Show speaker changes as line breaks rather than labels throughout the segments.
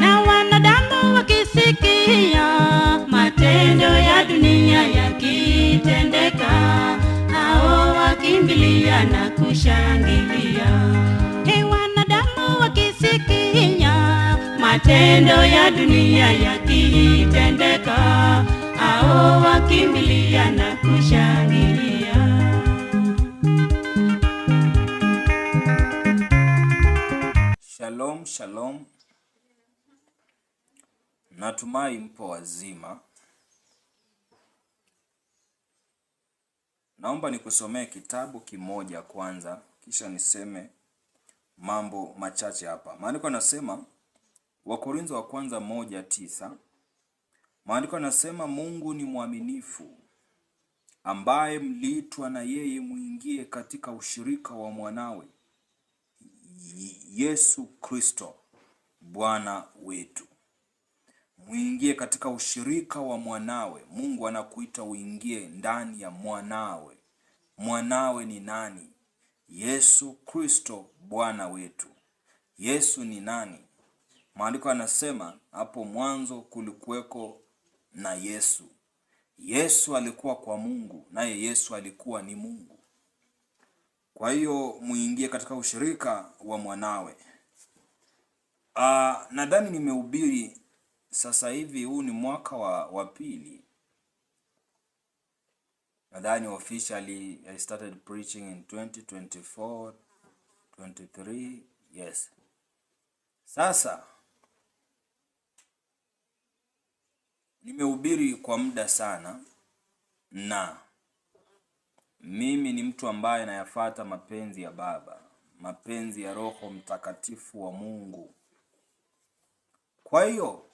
na wanadamu wakisikia matendo ya dunia yakitendeka, hao wakimbilia na kushangilia. Hey, wanadamu wakisikia matendo ya dunia yakitendeka, hao wakimbilia na kushangilia.
Shalom, shalom. Natumai mpo wazima. Naomba nikusomee kitabu kimoja kwanza, kisha niseme mambo machache hapa. Maandiko yanasema Wakorintho wa kwanza moja tisa. Maandiko yanasema Mungu ni mwaminifu ambaye mliitwa na yeye muingie katika ushirika wa mwanawe Yesu Kristo Bwana wetu. Muingie katika ushirika wa mwanawe. Mungu anakuita uingie ndani ya mwanawe. Mwanawe ni nani? Yesu Kristo Bwana wetu. Yesu ni nani? Maandiko anasema hapo mwanzo kulikuweko na Yesu. Yesu alikuwa kwa Mungu, naye Yesu alikuwa ni Mungu. Kwa hiyo muingie katika ushirika wa mwanawe. Ah, nadhani nimehubiri sasa hivi, huu ni mwaka wa, wa pili nadhani officially I started preaching in 2024 23 yes. Sasa nimehubiri kwa muda sana na mimi ni mtu ambaye nayafata mapenzi ya Baba, mapenzi ya Roho Mtakatifu wa Mungu. Kwa hiyo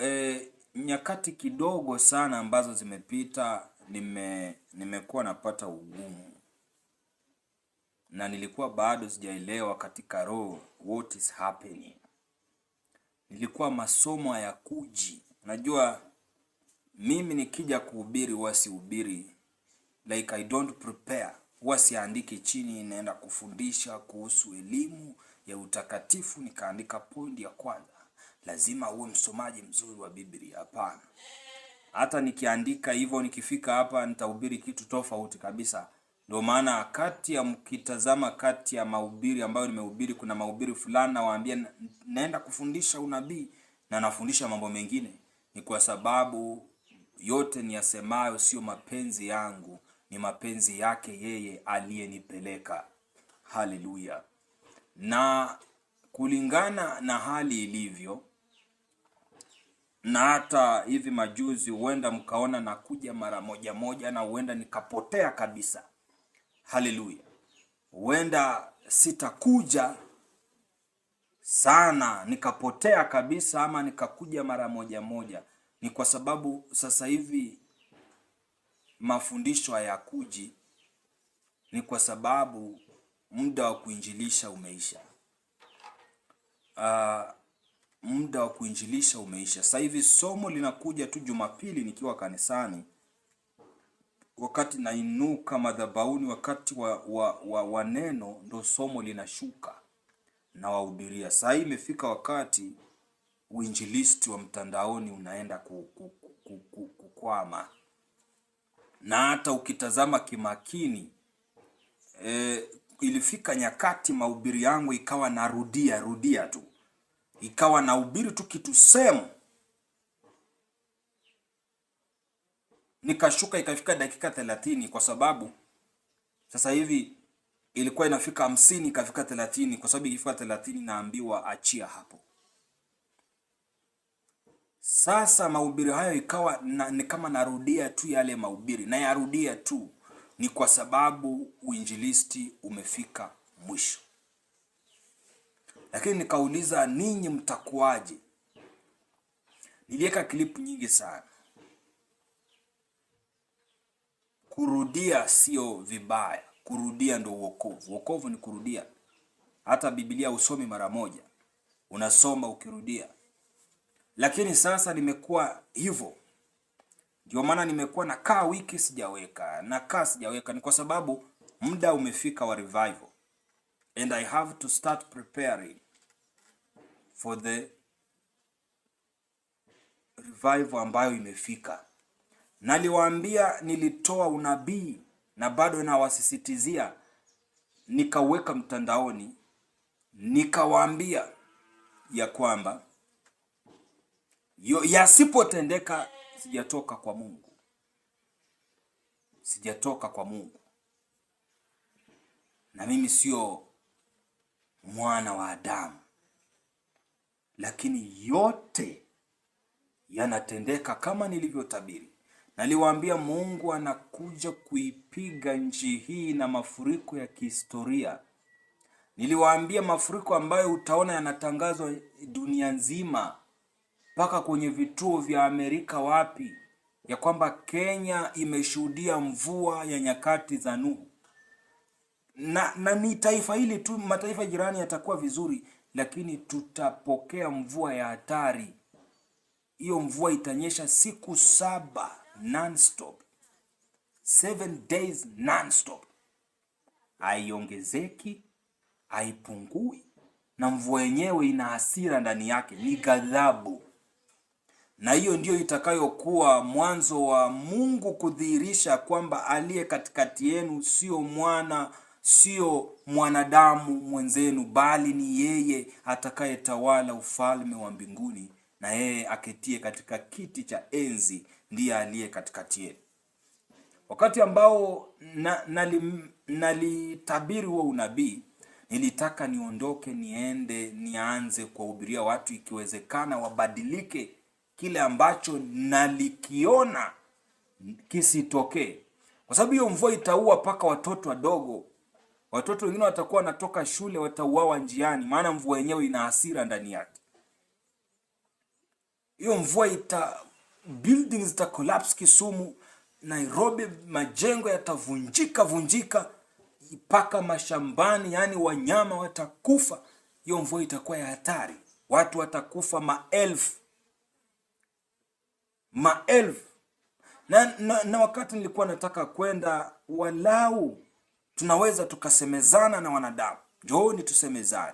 e, nyakati kidogo sana ambazo zimepita nime nimekuwa napata ugumu na nilikuwa bado sijaelewa katika roho what is happening. Nilikuwa masomo hayakuji. Unajua mimi nikija kuhubiri huwa sihubiri like I don't prepare, huwa siandiki chini, inaenda kufundisha kuhusu elimu ya utakatifu, nikaandika point ya kwanza, lazima uwe msomaji mzuri wa Biblia. Hapana, hata nikiandika hivyo, nikifika hapa nitahubiri kitu tofauti kabisa. Ndio maana kati ya mkitazama, kati ya mahubiri ambayo nimehubiri, kuna mahubiri fulani nawaambia naenda kufundisha unabii na nafundisha mambo mengine, ni kwa sababu yote niyasemayo sio mapenzi yangu, ni mapenzi yake yeye aliyenipeleka. Haleluya! Na kulingana na hali ilivyo, na hata hivi majuzi, huenda mkaona nakuja mara moja moja, na huenda nikapotea kabisa. Haleluya! huenda sitakuja sana nikapotea kabisa, ama nikakuja mara moja moja, ni kwa sababu sasa hivi mafundisho hayakuji ni kwa sababu muda wa kuinjilisha umeisha. Uh, muda wa kuinjilisha umeisha. Sasa hivi somo linakuja tu Jumapili nikiwa kanisani, wakati nainuka madhabauni wakati wa, wa, wa, wa neno ndo somo linashuka na wahubiria. Sasa hii imefika wakati uinjilisti wa mtandaoni unaenda kukwama na hata ukitazama kimakini e, ilifika nyakati mahubiri yangu ikawa narudia rudia tu, ikawa nahubiri tu kitu semu. Nikashuka ikafika dakika thelathini kwa sababu sasa hivi ilikuwa inafika hamsini ikafika thelathini kwa sababu ikifika thelathini naambiwa achia hapo. Sasa mahubiri hayo ikawa na, ni kama narudia tu yale mahubiri na yarudia tu, ni kwa sababu uinjilisti umefika mwisho. Lakini nikauliza ninyi mtakuwaje? Niliweka klipu nyingi sana. Kurudia sio vibaya, kurudia ndo uokovu. Uokovu ni kurudia. Hata Biblia usomi mara moja, unasoma ukirudia lakini sasa nimekuwa hivyo. Ndio maana nimekuwa nakaa wiki sijaweka, nakaa sijaweka, ni kwa sababu muda umefika wa revival and I have to start preparing for the revival ambayo imefika. Naliwaambia, nilitoa unabii na bado nawasisitizia, nikaweka mtandaoni, nikawaambia ya kwamba yasipotendeka, sijatoka kwa Mungu, sijatoka kwa Mungu, na mimi sio mwana wa Adamu, lakini yote yanatendeka kama nilivyotabiri. Naliwaambia Mungu anakuja kuipiga nchi hii na mafuriko ya kihistoria. Niliwaambia mafuriko ambayo utaona yanatangazwa dunia nzima mpaka kwenye vituo vya Amerika wapi, ya kwamba Kenya imeshuhudia mvua ya nyakati za Nuhu na, na ni taifa hili tu, mataifa jirani yatakuwa vizuri, lakini tutapokea mvua ya hatari. Hiyo mvua itanyesha siku saba non-stop. seven days non-stop. haiongezeki haipungui, na mvua yenyewe ina hasira ndani yake, ni ghadhabu na hiyo ndiyo itakayokuwa mwanzo wa Mungu kudhihirisha kwamba aliye katikati yenu sio mwana sio mwanadamu mwenzenu, bali ni yeye atakayetawala ufalme wa mbinguni, na yeye aketie katika kiti cha enzi ndiye aliye katikati yenu Wakati ambao nalitabiri na, na, huo unabii, nilitaka niondoke niende nianze kuwahubiria watu, ikiwezekana wabadilike kile ambacho nalikiona kisitokee, kwa sababu hiyo mvua itaua mpaka watoto wadogo. Watoto wengine watakuwa wanatoka shule, watauawa njiani, maana mvua yenyewe ina hasira ndani yake. Hiyo mvua ita buildings zita collapse Kisumu, Nairobi, majengo yatavunjika vunjika mpaka mashambani, yaani wanyama watakufa. Hiyo mvua itakuwa ya hatari, watu watakufa maelfu maelfu na, na, na wakati nilikuwa nataka kwenda, walau tunaweza tukasemezana na wanadamu, njooni tusemezane,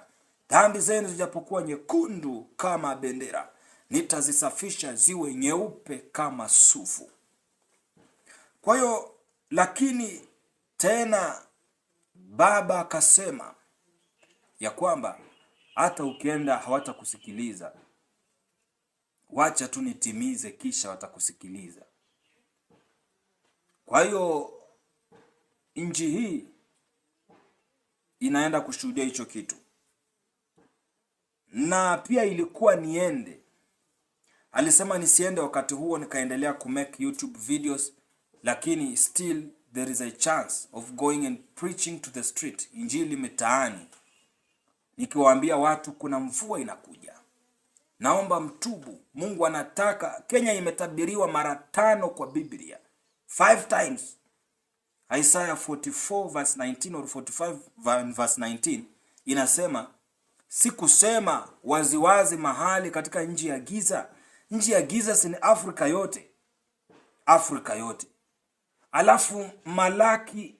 dhambi zenu zijapokuwa nyekundu kama bendera nitazisafisha ziwe nyeupe kama sufu. Kwa hiyo lakini tena Baba akasema ya kwamba hata ukienda hawatakusikiliza wacha tu nitimize, kisha watakusikiliza. Kwa hiyo nchi hii inaenda kushuhudia hicho kitu, na pia ilikuwa niende, alisema nisiende wakati huo, nikaendelea make YouTube videos, lakini still there is a chance of going and preaching to the street, injili mitaani, nikiwaambia watu kuna mvua inakuja naomba mtubu. Mungu anataka. Kenya imetabiriwa mara tano kwa Biblia, five times. Isaya 44 verse 19 or 45 verse 19 inasema sikusema waziwazi mahali katika nchi ya giza. Nchi ya giza sini ni Afrika yote, Afrika yote. Alafu Malaki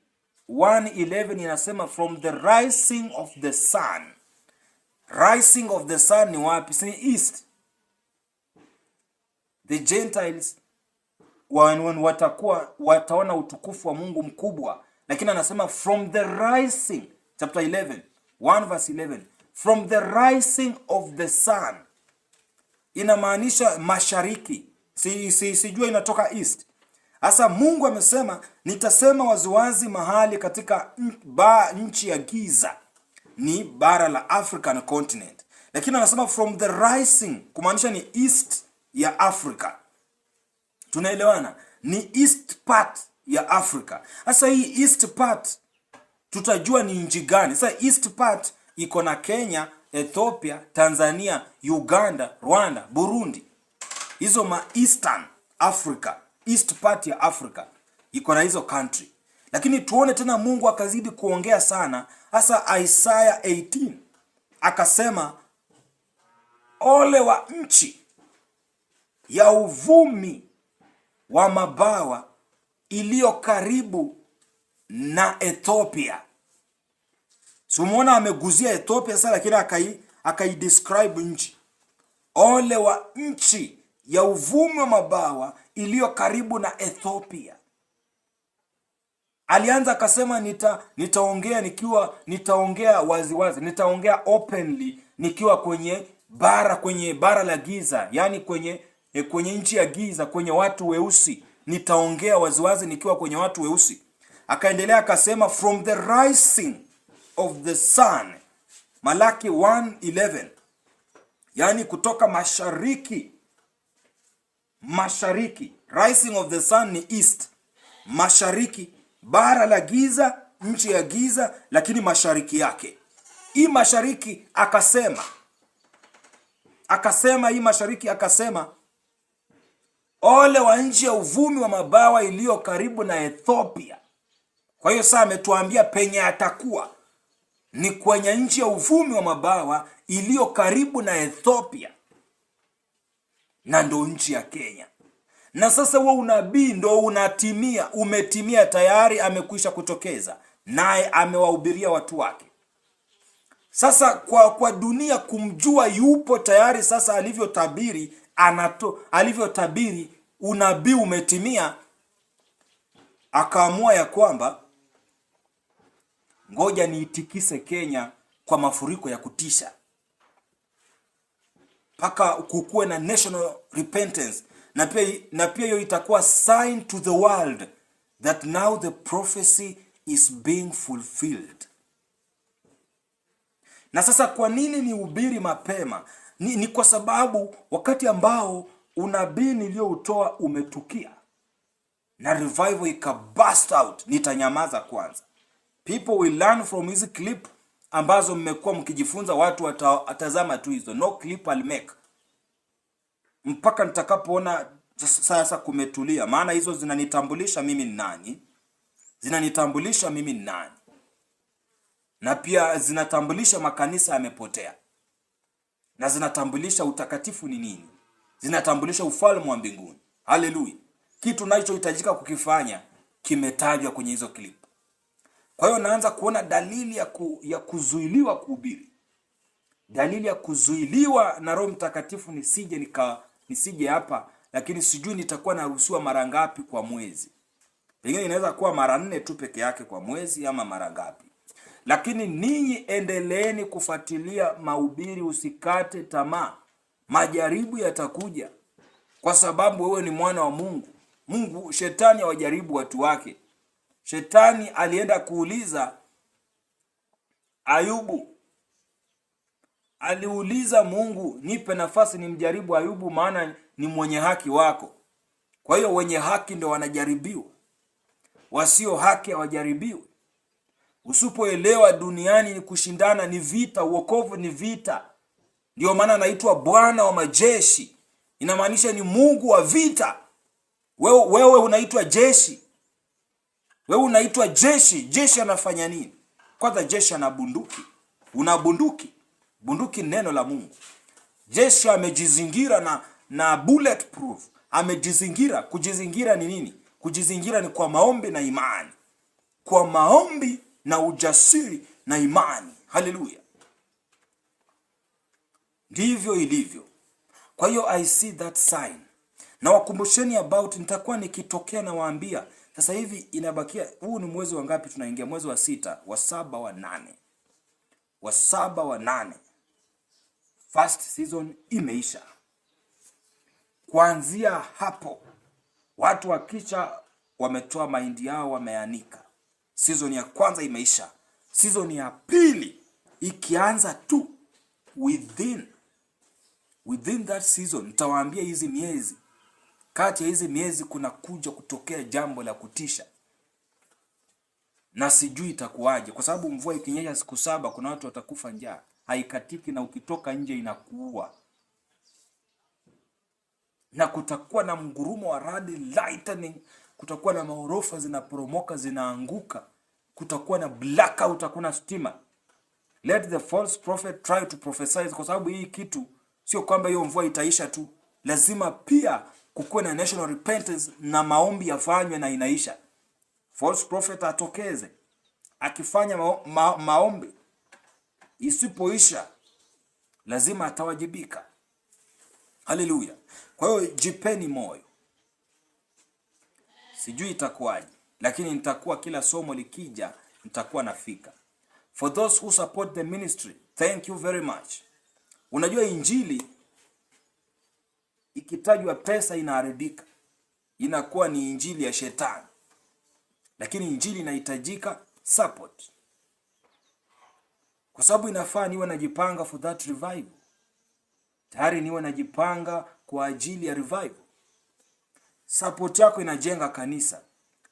1:11 inasema from the rising of the sun rising of the sun ni wapi? Si east. The Gentiles watakuwa wataona utukufu wa Mungu mkubwa, lakini anasema from the rising, chapter 11 1 verse 11, from the rising of the sun, inamaanisha mashariki, si si sijua inatoka east. Sasa Mungu amesema nitasema waziwazi mahali katika mba, nchi ya giza ni bara la African continent, lakini anasema from the rising, kumaanisha ni east ya Africa. Tunaelewana, ni east part ya Africa. Sasa hii east part tutajua ni nchi gani? Sasa east part iko na Kenya, Ethiopia, Tanzania, Uganda, Rwanda, Burundi. Hizo ma eastern Africa, east part ya Africa iko na hizo country, lakini tuone tena Mungu akazidi kuongea sana hasa Isaya 18 akasema, ole wa nchi ya uvumi wa mabawa iliyo karibu na Ethiopia. Sumuona ameguzia Ethiopia sasa, lakini akai describe nchi. Ole wa nchi ya uvumi wa mabawa iliyo karibu na Ethiopia Alianza akasema nita, nitaongea nikiwa nitaongea waziwazi, nitaongea openly nikiwa kwenye bara kwenye bara la giza, yani kwenye eh, kwenye nchi ya giza, kwenye watu weusi, nitaongea waziwazi nikiwa kwenye watu weusi. Akaendelea akasema from the rising of the sun, Malaki 1:11, yani kutoka mashariki mashariki. Rising of the sun ni east, mashariki bara la giza, nchi ya giza, lakini mashariki yake. Hii mashariki akasema, akasema hii mashariki akasema, ole wa nchi ya uvumi wa mabawa iliyo karibu na Ethiopia. Kwa hiyo saa ametuambia penye atakuwa ni kwenye nchi ya uvumi wa mabawa iliyo karibu na Ethiopia na ndo nchi ya Kenya na sasa huo unabii ndo unatimia, umetimia tayari, amekwisha kutokeza naye amewahubiria watu wake. Sasa kwa, kwa dunia kumjua yupo tayari sasa, alivyotabiri anato alivyotabiri unabii umetimia, akaamua ya kwamba ngoja niitikise Kenya kwa mafuriko ya kutisha mpaka kukuwe na national repentance, na pia na pia hiyo itakuwa sign to the world that now the prophecy is being fulfilled. Na sasa kwa nini nihubiri mapema? Ni, ni kwa sababu wakati ambao unabii niliyoutoa umetukia na revival ikabust out, nitanyamaza kwanza. People will learn from his clip ambazo mmekuwa mkijifunza, watu watazama tu hizo, no clip I'll make mpaka nitakapoona sasa kumetulia, maana hizo zinanitambulisha mimi ni nani, zinanitambulisha mimi ni nani, na pia zinatambulisha makanisa yamepotea, na zinatambulisha utakatifu ni nini, zinatambulisha ufalme wa mbinguni. Haleluya! kitu nachohitajika kukifanya kimetajwa kwenye hizo klipu. Kwa hiyo naanza kuona dalili ya, ku, ya kuzuiliwa kuhubiri. Dalili ya kuzuiliwa na Roho Mtakatifu nisije nika nisije hapa, lakini sijui nitakuwa naruhusiwa mara ngapi kwa mwezi. Pengine inaweza kuwa mara nne tu peke yake kwa mwezi ama mara ngapi. Lakini ninyi endeleeni kufuatilia mahubiri, usikate tamaa. Majaribu yatakuja kwa sababu wewe ni mwana wa Mungu. Mungu, shetani hawajaribu watu wake. Shetani alienda kuuliza Ayubu aliuliza Mungu, nipe nafasi nimjaribu Ayubu, maana ni mwenye haki wako. Kwa hiyo wenye haki ndio wanajaribiwa, wasio haki hawajaribiwi. Usipoelewa duniani ni kushindana, ni vita. Uokovu ni vita, ndio maana anaitwa Bwana wa majeshi, inamaanisha ni Mungu wa vita. Wewe, wewe unaitwa jeshi, wewe unaitwa jeshi. Jeshi anafanya nini? Kwanza jeshi ana bunduki, una bunduki bunduki neno la Mungu. Jeshi amejizingira na na bulletproof, amejizingira. Kujizingira ni nini? Kujizingira ni kwa maombi na imani, kwa maombi na ujasiri na imani. Haleluya, ndivyo ilivyo. Kwa hiyo I see that sign na wakumbusheni about, nitakuwa nikitokea na waambia sasa hivi inabakia, huu ni mwezi wa ngapi? Tunaingia mwezi wa sita, wa saba, wa nane, wa saba, wa nane first season imeisha. Kuanzia hapo watu wakisha wametoa mahindi yao wameanika, season ya kwanza imeisha. Season ya pili ikianza tu within within that season, nitawaambia hizi miezi, kati ya hizi miezi kuna kuja kutokea jambo la kutisha na sijui itakuwaje, kwa sababu mvua ikinyesha siku saba kuna watu watakufa njaa haikatiki na ukitoka nje inakuwa na kutakuwa na mgurumo wa radi lightning, kutakuwa na maorofa zinaporomoka zinaanguka, kutakuwa na blackout, hakuna stima. Let the false prophet try to prophesize, kwa sababu hii kitu sio kwamba hiyo mvua itaisha tu, lazima pia kukuwe na national repentance na maombi yafanywe na inaisha. False prophet atokeze akifanya ma ma maombi isipoisha, lazima atawajibika. Haleluya! Kwa hiyo jipeni moyo, sijui itakuwaje, lakini nitakuwa kila somo likija, nitakuwa nafika. For those who support the ministry, thank you very much. Unajua injili ikitajwa pesa inaharibika, inakuwa ni injili ya shetani, lakini injili inahitajika support kwa sababu inafaa niwe najipanga for that revival, tayari niwe najipanga kwa ajili ya revival. Support yako inajenga kanisa,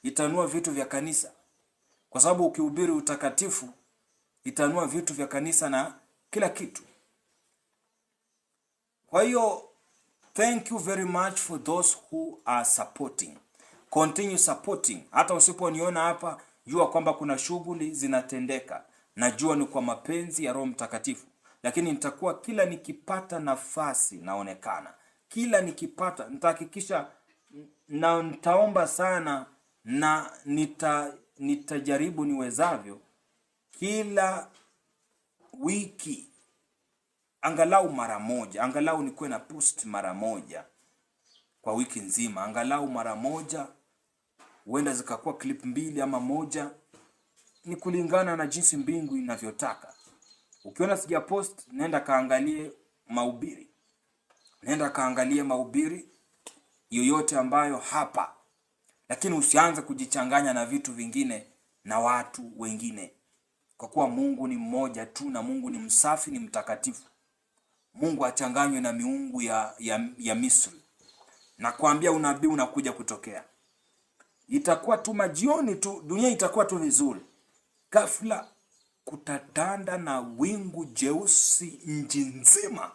itanua vitu vya kanisa, kwa sababu ukihubiri utakatifu itanua vitu vya kanisa na kila kitu. Kwa hiyo thank you very much for those who are supporting, continue supporting. Hata usiponiona hapa, jua kwamba kuna shughuli zinatendeka. Najua ni kwa mapenzi ya Roho Mtakatifu, lakini nitakuwa kila nikipata nafasi naonekana, kila nikipata nitahakikisha na nitaomba sana na nita nitajaribu niwezavyo kila wiki angalau mara moja, angalau nikuwe na post mara moja kwa wiki nzima, angalau mara moja, huenda zikakuwa clip mbili ama moja ni kulingana na jinsi mbingu inavyotaka. Ukiona sija post, nenda kaangalie mahubiri, nenda kaangalie mahubiri yoyote ambayo hapa, lakini usianze kujichanganya na vitu vingine na watu wengine, kwa kuwa Mungu ni mmoja tu, na Mungu ni msafi, ni mtakatifu. Mungu achanganywe na miungu ya, ya, ya Misri. Na kuambia unabii unakuja kutokea, itakuwa tu majioni tu, dunia itakuwa tu vizuri. Ghafla kutatanda na wingu jeusi nchi nzima,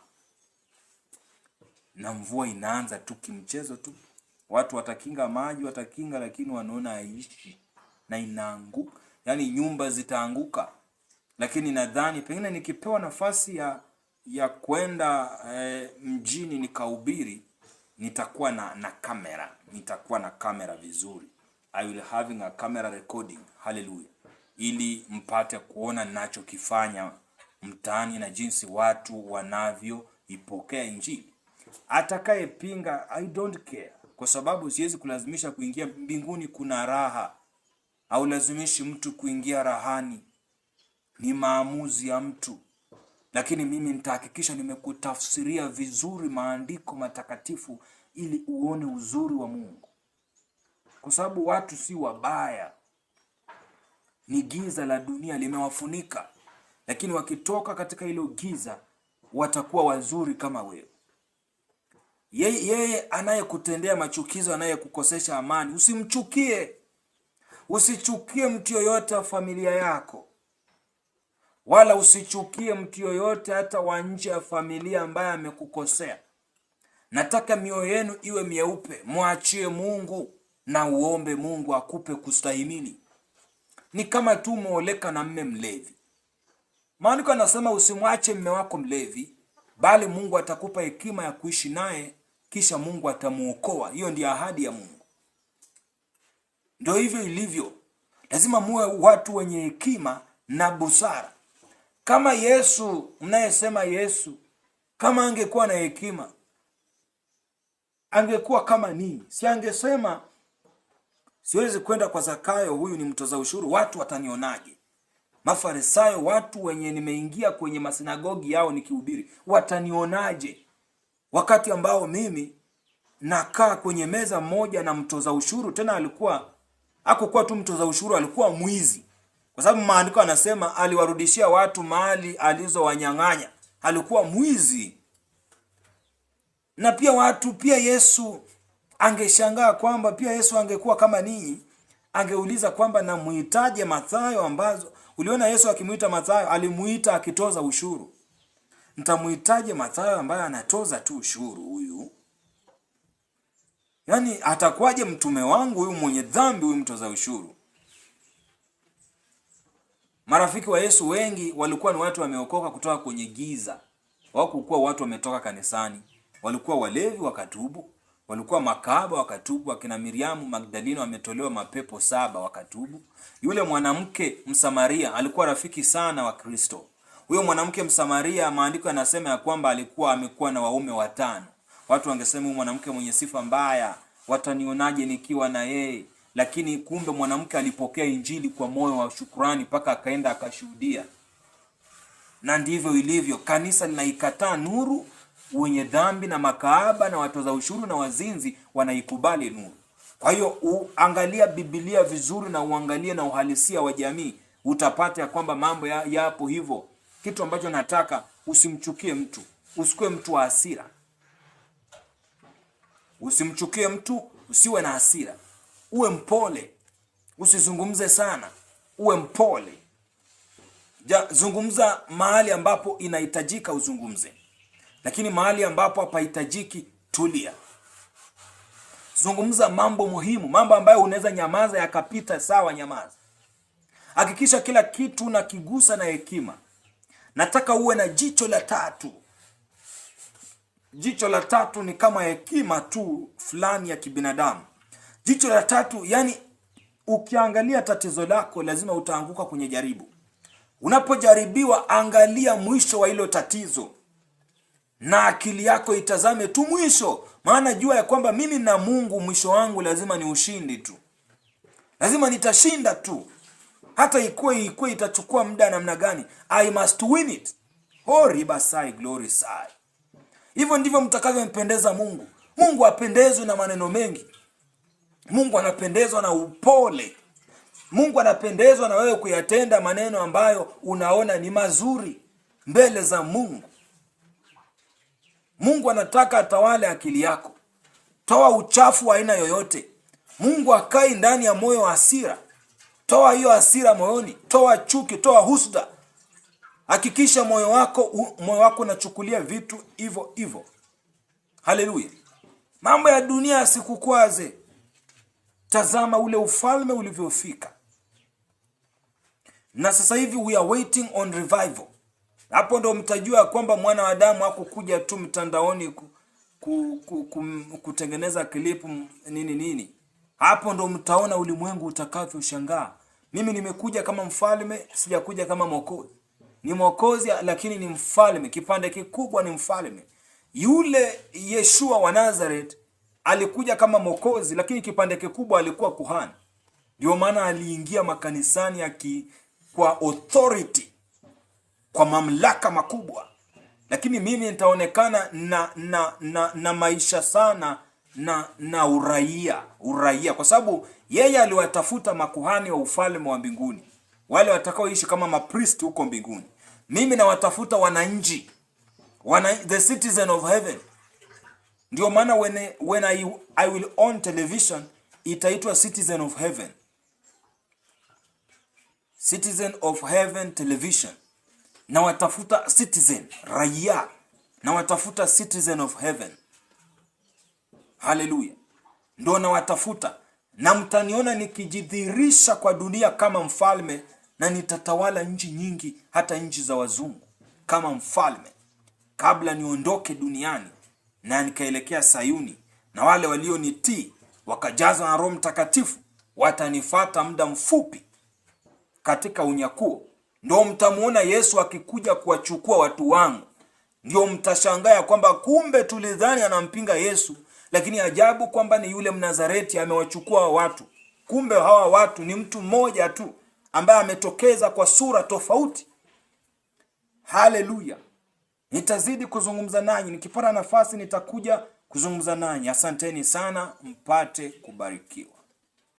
na mvua inaanza tu kimchezo tu. Watu watakinga maji, watakinga, lakini wanaona haiishi na inaanguka, yaani nyumba zitaanguka. Lakini nadhani pengine nikipewa nafasi ya ya kwenda eh, mjini nikahubiri, nitakuwa na na kamera, nitakuwa na kamera vizuri. I will having a camera recording. Hallelujah ili mpate kuona ninachokifanya mtaani na jinsi watu wanavyoipokea Injili. Atakayepinga, I don't care, kwa sababu siwezi kulazimisha kuingia mbinguni. Kuna raha au lazimishi mtu kuingia rahani, ni maamuzi ya mtu, lakini mimi nitahakikisha nimekutafsiria vizuri maandiko matakatifu ili uone uzuri wa Mungu, kwa sababu watu si wabaya ni giza la dunia limewafunika, lakini wakitoka katika hilo giza watakuwa wazuri kama wewe. Yeye, anayekutendea machukizo, anayekukosesha amani, usimchukie. Usichukie mtu yoyote wa familia yako, wala usichukie mtu yoyote hata wa nje ya familia ambaye amekukosea. Nataka mioyo yenu iwe myeupe, mwachie Mungu na uombe Mungu akupe kustahimili ni kama tu umeoleka na mme mlevi. Maandiko anasema usimwache mme wako mlevi, bali Mungu atakupa hekima ya kuishi naye, kisha Mungu atamuokoa. Hiyo ndiyo ahadi ya Mungu. Ndio hivyo ilivyo, lazima muwe watu wenye hekima na busara. Kama Yesu mnayesema Yesu, kama angekuwa na hekima angekuwa kama nini? Si angesema siwezi kwenda kwa Zakayo, huyu ni mtoza ushuru, watu watanionaje? Mafarisayo, watu wenye nimeingia kwenye masinagogi yao nikihubiri, watanionaje? Wakati ambao mimi nakaa kwenye meza moja na mtoza ushuru, tena alikuwa hakukuwa tu mtoza ushuru, alikuwa mwizi, kwa sababu maandiko anasema aliwarudishia watu mali alizowanyang'anya. Alikuwa mwizi na pia watu pia Yesu angeshangaa kwamba pia Yesu angekuwa kama ninyi, angeuliza kwamba namuitaje Mathayo ambazo uliona Yesu akimuita Mathayo, alimuita akitoza ushuru. Nitamuitaje Mathayo ambaye anatoza tu ushuru huyu? Yaani atakuwaje mtume wangu huyu mwenye dhambi huyu mtoza ushuru? Marafiki wa Yesu wengi walikuwa ni watu wameokoka kutoka kwenye giza, hawakukuwa watu wametoka kanisani, walikuwa walevi wakatubu walikuwa makahaba wakatubu, akina Miriamu Magdalena wametolewa mapepo saba wakatubu. Yule mwanamke Msamaria alikuwa rafiki sana wa Kristo. Huyo mwanamke Msamaria, maandiko yanasema ya kwamba alikuwa amekuwa na waume watano. Watu wangesema huyu mwanamke mwenye sifa mbaya, watanionaje nikiwa na yeye? Lakini kumbe mwanamke alipokea injili kwa moyo wa shukrani mpaka akaenda akashuhudia, na ndivyo ilivyo. Kanisa linaikataa nuru wenye dhambi na makaaba na watoza ushuru na wazinzi wanaikubali nuru. Kwa hiyo uangalia Biblia vizuri na uangalie na uhalisia wa jamii, utapata ya kwamba mambo yapo ya hivyo. Kitu ambacho nataka usimchukie mtu, usikue mtu wa hasira, usimchukie mtu, usiwe na hasira, uwe mpole, usizungumze sana, uwe mpole ja, zungumza mahali ambapo inahitajika uzungumze. Lakini mahali ambapo hapahitajiki, tulia, zungumza mambo muhimu, mambo ambayo unaweza nyamaza yakapita, sawa, nyamaza. Hakikisha kila kitu unakigusa na hekima. Nataka uwe na jicho la tatu. Jicho la tatu ni kama hekima tu fulani ya kibinadamu. Jicho la tatu, yani ukiangalia tatizo lako lazima utaanguka kwenye jaribu. Unapojaribiwa, angalia mwisho wa hilo tatizo na akili yako itazame tu mwisho, maana jua ya kwamba mimi na Mungu mwisho wangu lazima ni ushindi tu, lazima nitashinda tu, hata ikuwe ikuwe itachukua muda namna gani, I must win it. Hori oh, basai glory sai. Hivyo ndivyo mtakavyompendeza Mungu. Mungu apendezwe na maneno mengi. Mungu anapendezwa na upole. Mungu anapendezwa na wewe kuyatenda maneno ambayo unaona ni mazuri mbele za Mungu. Mungu anataka atawale akili yako. Toa uchafu wa aina yoyote. Mungu akai ndani ya moyo wa hasira. Toa hiyo hasira moyoni, toa chuki, toa husda. Hakikisha moyo wako moyo wako unachukulia vitu hivyo hivyo. Haleluya! Mambo ya dunia yasikukwaze. Tazama ule ufalme ulivyofika, na sasa hivi we are waiting on revival. Hapo ndo mtajua kwamba mwana wa damu hakukuja tu mtandaoni ku, ku, ku, ku, kutengeneza klipu nini nini. Hapo ndo mtaona ulimwengu utakavyoshangaa. Mimi nimekuja kama mfalme, sijakuja kama mwokozi. Ni mwokozi lakini ni mfalme, kipande kikubwa ni mfalme. Yule Yeshua wa Nazareth alikuja kama mwokozi, lakini kipande kikubwa alikuwa kuhani. Ndio maana aliingia makanisani aki kwa authority kwa mamlaka makubwa, lakini mimi nitaonekana na na, na na maisha sana na na uraia uraia, kwa sababu yeye aliwatafuta makuhani wa ufalme wa mbinguni, wale watakaoishi kama mapriest huko mbinguni. Mimi nawatafuta wananchi, wana the citizen of heaven. Ndio maana when, when I, I will on television itaitwa citizen of heaven, citizen of heaven television na watafuta citizen raia, na watafuta citizen of heaven. Haleluya, ndo na watafuta, na mtaniona nikijidhirisha kwa dunia kama mfalme, na nitatawala nchi nyingi, hata nchi za wazungu kama mfalme, kabla niondoke duniani na nikaelekea Sayuni, na wale walionitii wakajazwa na Roho Mtakatifu watanifata muda mfupi katika unyakuo ndio mtamuona Yesu akikuja kuwachukua watu wangu. Ndio mtashangaa ya kwamba kumbe tulidhani anampinga Yesu, lakini ajabu kwamba ni yule Mnazareti amewachukua watu. Kumbe hawa watu ni mtu mmoja tu ambaye ametokeza kwa sura tofauti. Haleluya! Nitazidi kuzungumza nanyi, nikipata nafasi nitakuja kuzungumza nanyi. Asanteni sana, mpate kubarikiwa.